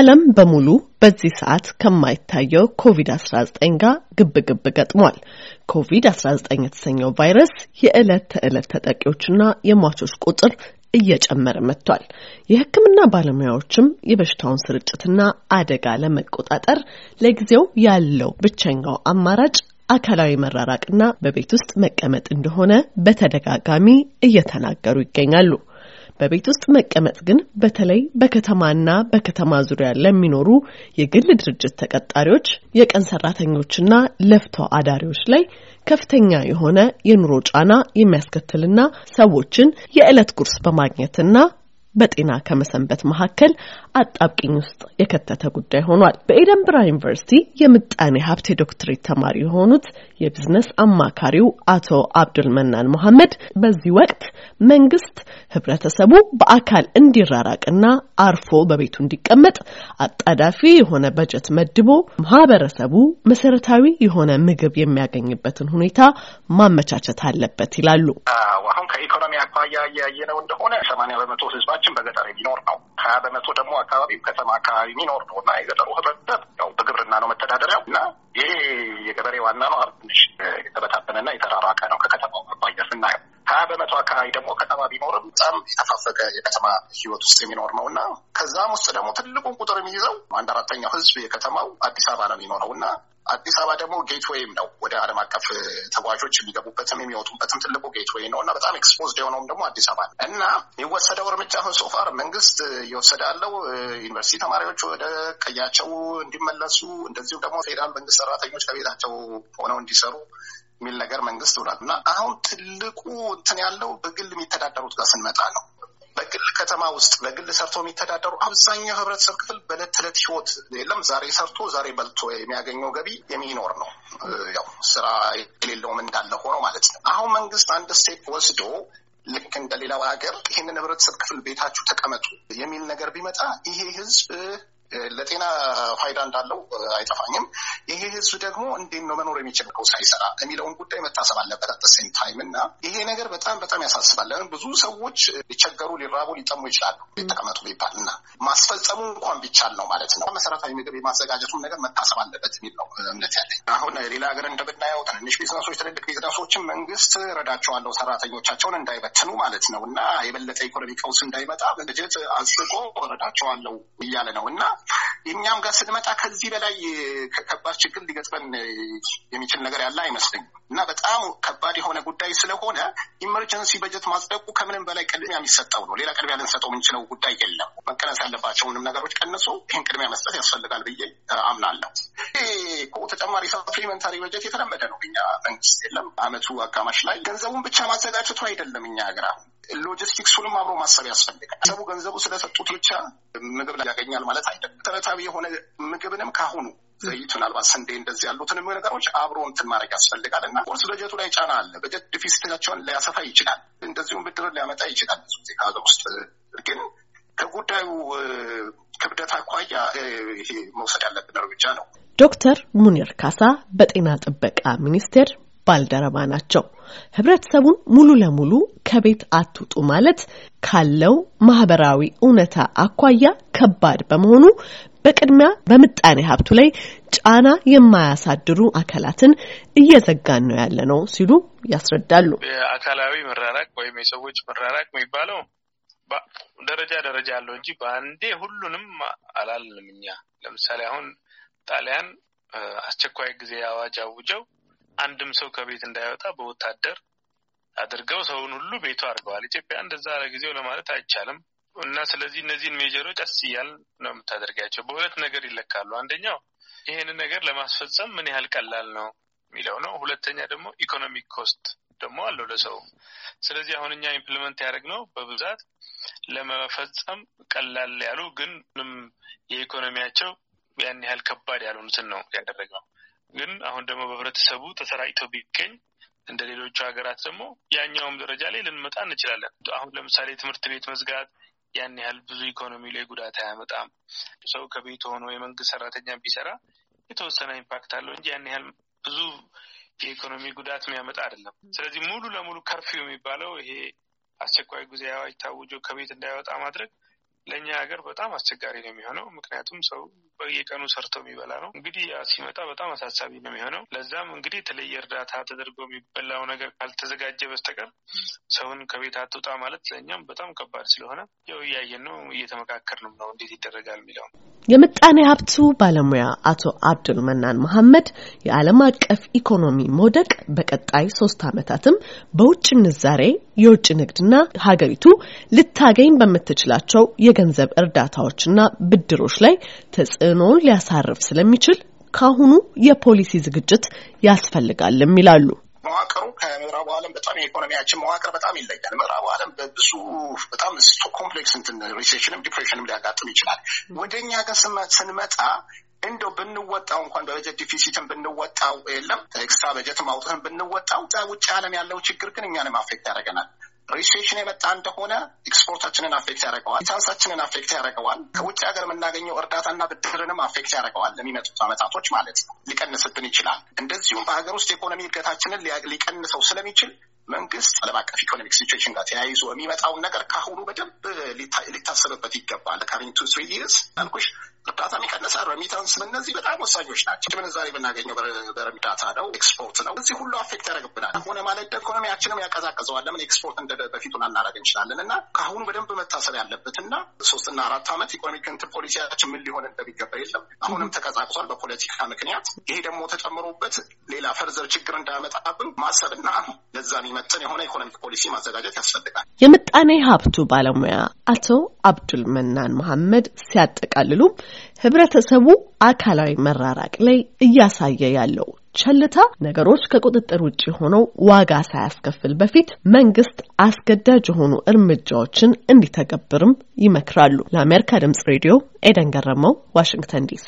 ዓለም በሙሉ በዚህ ሰዓት ከማይታየው ኮቪድ-19 ጋር ግብ ግብ ገጥሟል። ኮቪድ-19 የተሰኘው ቫይረስ የዕለት ተዕለት ተጠቂዎችና የሟቾች ቁጥር እየጨመረ መጥቷል። የሕክምና ባለሙያዎችም የበሽታውን ስርጭትና አደጋ ለመቆጣጠር ለጊዜው ያለው ብቸኛው አማራጭ አካላዊ መራራቅና በቤት ውስጥ መቀመጥ እንደሆነ በተደጋጋሚ እየተናገሩ ይገኛሉ። በቤት ውስጥ መቀመጥ ግን በተለይ በከተማና በከተማ ዙሪያ ለሚኖሩ የግል ድርጅት ተቀጣሪዎች፣ የቀን ሰራተኞችና ለፍቶ አዳሪዎች ላይ ከፍተኛ የሆነ የኑሮ ጫና የሚያስከትልና ሰዎችን የዕለት ጉርስ በማግኘትና በጤና ከመሰንበት መካከል አጣብቂኝ ውስጥ የከተተ ጉዳይ ሆኗል። በኤደንብራ ዩኒቨርሲቲ የምጣኔ ሀብት የዶክትሬት ተማሪ የሆኑት የቢዝነስ አማካሪው አቶ አብዱል መናን መሐመድ በዚህ ወቅት መንግስት ህብረተሰቡ በአካል እንዲራራቅና አርፎ በቤቱ እንዲቀመጥ አጣዳፊ የሆነ በጀት መድቦ ማህበረሰቡ መሰረታዊ የሆነ ምግብ የሚያገኝበትን ሁኔታ ማመቻቸት አለበት ይላሉ። አሁን ከኢኮኖሚ አኳያ እያየነው እንደሆነ ሰማንያ በመቶ ህዝባችን ፐርሰንቶችን በገጠር የሚኖር ነው። ሀያ በመቶ ደግሞ አካባቢ ከተማ አካባቢ የሚኖር ነው እና የገጠሩ ህብረተሰብ ያው በግብርና ነው መተዳደሪያው እና ይሄ የገበሬ ዋና ነው ትንሽ የተበታተነና የተራራቀ ነው ከከተማው አኳያ ስናየው። ሀያ በመቶ አካባቢ ደግሞ ከተማ ቢኖርም በጣም የተፋፈገ የከተማ ህይወት ውስጥ የሚኖር ነው እና ከዛም ውስጥ ደግሞ ትልቁን ቁጥር የሚይዘው አንድ አራተኛው ህዝብ የከተማው አዲስ አበባ ነው የሚኖረው እና አዲስ አበባ ደግሞ ጌትዌይም ነው ወደ ዓለም አቀፍ ተጓዦች የሚገቡበትም የሚወጡበትም ትልቁ ጌትዌይ ነው እና በጣም ኤክስፖዝድ የሆነውም ደግሞ አዲስ አበባ ነው እና የሚወሰደው እርምጃ ሶፋር መንግስት እየወሰደ ያለው ዩኒቨርሲቲ ተማሪዎች ወደ ቀያቸው እንዲመለሱ እንደዚሁም ደግሞ ፌዴራል መንግስት ሰራተኞች ከቤታቸው ሆነው እንዲሰሩ የሚል ነገር መንግስት ብሏል እና አሁን ትልቁ እንትን ያለው በግል የሚተዳደሩት ጋር ስንመጣ ነው። በግል ከተማ ውስጥ በግል ሰርቶ የሚተዳደሩ አብዛኛው ህብረተሰብ ክፍል በእለት ተዕለት ህይወት የለም ዛሬ ሰርቶ ዛሬ በልቶ የሚያገኘው ገቢ የሚኖር ነው። ያው ስራ የሌለውም እንዳለ ሆኖ ማለት ነው። አሁን መንግስት አንድ ስቴፕ ወስዶ ልክ እንደሌላው ሀገር ይህንን ህብረተሰብ ክፍል ቤታችሁ ተቀመጡ የሚል ነገር ቢመጣ ይሄ ህዝብ ለጤና ፋይዳ እንዳለው አይጠፋኝም። ይሄ ህዝብ ደግሞ እንዴት ነው መኖር የሚችለው ሳይሰራ የሚለውን ጉዳይ መታሰብ አለበት። አተሴም ታይም እና ይሄ ነገር በጣም በጣም ያሳስባል። ለምን ብዙ ሰዎች ሊቸገሩ፣ ሊራቡ፣ ሊጠሙ ይችላሉ ተቀመጡ ቢባል እና ማስፈጸሙ እንኳን ቢቻል ነው ማለት ነው። መሰረታዊ ምግብ የማዘጋጀቱን ነገር መታሰብ አለበት የሚል ነው እምነት ያለኝ። አሁን ሌላ ሀገር እንደምናየው ትንንሽ ቢዝነሶች፣ ትልልቅ ቢዝነሶችን መንግስት ረዳቸዋለው ሰራተኞቻቸውን እንዳይበትኑ ማለት ነው እና የበለጠ ኢኮኖሚ ቀውስ እንዳይመጣ በጀት አጽድቆ ረዳቸዋለው እያለ ነው እና እኛም ጋር ስንመጣ ከዚህ በላይ ከባድ ችግር ሊገጥመን የሚችል ነገር ያለ አይመስለኝም እና በጣም ከባድ የሆነ ጉዳይ ስለሆነ ኢመርጀንሲ በጀት ማጽደቁ ከምንም በላይ ቅድሚያ የሚሰጠው ነው። ሌላ ቅድሚያ ልንሰጠው የምንችለው ጉዳይ የለም። መቀነስ ያለባቸውንም ነገሮች ቀንሶ ይህን ቅድሚያ መስጠት ያስፈልጋል ብዬ አምናለሁ። ተጨማሪ ሰፕሊመንታሪ በጀት የተለመደ ነው። እኛ መንግስት የለም አመቱ አጋማሽ ላይ ገንዘቡን ብቻ ማዘጋጀቱ አይደለም እኛ ሀገር አሁን ሎጂስቲክሱንም አብሮ ማሰብ ያስፈልጋል። ሰቡ ገንዘቡ ስለሰጡት ብቻ ምግብ ያገኛል ማለት አይደለም። ተረታዊ የሆነ ምግብንም ካሁኑ ዘይት ምናልባት ስንዴ እንደዚህ ያሉትን ነገሮች አብሮ እንትን ማድረግ ያስፈልጋል እና ኮርስ በጀቱ ላይ ጫና አለ። በጀት ዲፊሲታቸውን ሊያሰፋ ይችላል፣ እንደዚሁም ብድርን ሊያመጣ ይችላል። ብዙ ጊዜ ከሀገር ውስጥ ግን ከጉዳዩ ክብደት አኳያ ይሄ መውሰድ ያለብን እርምጃ ነው። ዶክተር ሙኒር ካሳ በጤና ጥበቃ ሚኒስቴር ባልደረባ ናቸው። ህብረተሰቡን ሙሉ ለሙሉ ከቤት አትውጡ ማለት ካለው ማህበራዊ እውነታ አኳያ ከባድ በመሆኑ በቅድሚያ በምጣኔ ሀብቱ ላይ ጫና የማያሳድሩ አካላትን እየዘጋን ነው ያለ ነው ሲሉ ያስረዳሉ። የአካላዊ መራራቅ ወይም የሰዎች መራራቅ የሚባለው ደረጃ ደረጃ አለው እንጂ በአንዴ ሁሉንም አላልንም። እኛ ለምሳሌ አሁን ጣሊያን አስቸኳይ ጊዜ አዋጅ አውጀው አንድም ሰው ከቤት እንዳይወጣ በወታደር አድርገው ሰውን ሁሉ ቤቱ አድርገዋል። ኢትዮጵያ እንደዛ ለጊዜው ጊዜው ለማለት አይቻልም። እና ስለዚህ እነዚህን ሜጀሮች ቀስ እያል ነው የምታደርጋቸው። በሁለት ነገር ይለካሉ። አንደኛው ይህንን ነገር ለማስፈጸም ምን ያህል ቀላል ነው የሚለው ነው። ሁለተኛ ደግሞ ኢኮኖሚክ ኮስት ደግሞ አለው ለሰው። ስለዚህ አሁን እኛ ኢምፕሊመንት ያደረግነው በብዛት ለመፈጸም ቀላል ያሉ ግን ምንም የኢኮኖሚያቸው ያን ያህል ከባድ ያልሆኑትን ነው ያደረግነው። ግን አሁን ደግሞ በህብረተሰቡ ተሰራጭቶ ቢገኝ እንደ ሌሎቹ ሀገራት ደግሞ ያኛውም ደረጃ ላይ ልንመጣ እንችላለን። አሁን ለምሳሌ ትምህርት ቤት መዝጋት ያን ያህል ብዙ ኢኮኖሚ ላይ ጉዳት አያመጣም። ሰው ከቤት ሆኖ የመንግስት ሰራተኛ ቢሰራ የተወሰነ ኢምፓክት አለው እንጂ ያን ያህል ብዙ የኢኮኖሚ ጉዳት የሚያመጣ አይደለም። ስለዚህ ሙሉ ለሙሉ ከርፊው የሚባለው ይሄ አስቸኳይ ጊዜ አዋጅ ታውጆ ከቤት እንዳይወጣ ማድረግ ለእኛ ሀገር በጣም አስቸጋሪ ነው የሚሆነው። ምክንያቱም ሰው በየቀኑ ሰርቶ የሚበላ ነው። እንግዲህ ያ ሲመጣ በጣም አሳሳቢ ነው የሚሆነው። ለዛም እንግዲህ የተለየ እርዳታ ተደርጎ የሚበላው ነገር ካልተዘጋጀ በስተቀር ሰውን ከቤት አትውጣ ማለት ለእኛም በጣም ከባድ ስለሆነ ያው እያየን ነው፣ እየተመካከርን ነው እንዴት ይደረጋል የሚለው የምጣኔ ሀብቱ ባለሙያ አቶ አብዱል መናን መሐመድ የዓለም አቀፍ ኢኮኖሚ መውደቅ በቀጣይ ሶስት ዓመታትም በውጭ ምንዛሬ፣ የውጭ ንግድና ሀገሪቱ ልታገኝ በምትችላቸው የገንዘብ እርዳታዎችና ብድሮች ላይ ተጽዕኖውን ሊያሳርፍ ስለሚችል ካሁኑ የፖሊሲ ዝግጅት ያስፈልጋልም ይላሉ። መዋቅሩ ከምዕራቡ ዓለም በጣም የኢኮኖሚያችን መዋቅር በጣም ይለያል። ምዕራቡ ዓለም በብዙ በጣም ኮምፕሌክስ እንትን ሪሴሽንም ዲፕሬሽንም ሊያጋጥም ይችላል። ወደ እኛ ጋር ስንመጣ እንደው ብንወጣው እንኳን በበጀት ዲፊሲትን ብንወጣው የለም ኤክስትራ በጀት ማውጥህን ብንወጣው ውጭ ዓለም ያለው ችግር ግን እኛንም አፌክት ያደርገናል። ሪሴሽን የመጣ እንደሆነ ኤክስፖርታችንን አፌክት ያደርገዋል፣ ኢታንሳችንን አፌክት ያደርገዋል፣ ከውጭ ሀገር የምናገኘው እርዳታና ብድርንም አፌክት ያደርገዋል። ለሚመጡት አመታቶች ማለት ነው ሊቀንስብን ይችላል። እንደዚሁም በሀገር ውስጥ የኢኮኖሚ እድገታችንን ሊቀንሰው ስለሚችል መንግስት ዓለም አቀፍ ኢኮኖሚክ ሲቹዌሽን ጋር ተያይዞ የሚመጣውን ነገር ከአሁኑ በደንብ ሊታሰብበት ይገባል። ከሪንቱ ስሪ ይርስ አልኩሽ እርዳታ ይቀንሳል። ረሚታንስ፣ እነዚህ በጣም ወሳኞች ናቸው። ምንዛሬ የምናገኘው በረሚታታ ነው፣ ኤክስፖርት ነው። እዚህ ሁሉ አፌክት ያደርግብናል። ሆነ ማለት ኢኮኖሚያችንም ያቀዛቀዘዋል። ለምን ኤክስፖርት እንደ በፊቱን አናደርግ እንችላለን። እና ከአሁኑ በደንብ መታሰብ ያለበት እና ሶስትና አራት ዓመት ኢኮኖሚክ እንትን ፖሊሲያችን ምን ሊሆን እንደሚገባ የለም። አሁንም ተቀዛቅዟል በፖለቲካ ምክንያት። ይሄ ደግሞ ተጨምሮበት ሌላ ፈርዘር ችግር እንዳያመጣብን ማሰብና ለዛ የሚመጥን የሆነ ኢኮኖሚክ ፖሊሲ ማዘጋጀት ያስፈልጋል። የምጣኔ ሀብቱ ባለሙያ አቶ አብዱል መናን መሐመድ ሲያጠቃልሉ ህብረተሰቡ አካላዊ መራራቅ ላይ እያሳየ ያለው ቸልታ ነገሮች ከቁጥጥር ውጭ ሆነው ዋጋ ሳያስከፍል በፊት መንግስት አስገዳጅ የሆኑ እርምጃዎችን እንዲተገብርም ይመክራሉ። ለአሜሪካ ድምጽ ሬዲዮ ኤደን ገረመው፣ ዋሽንግተን ዲሲ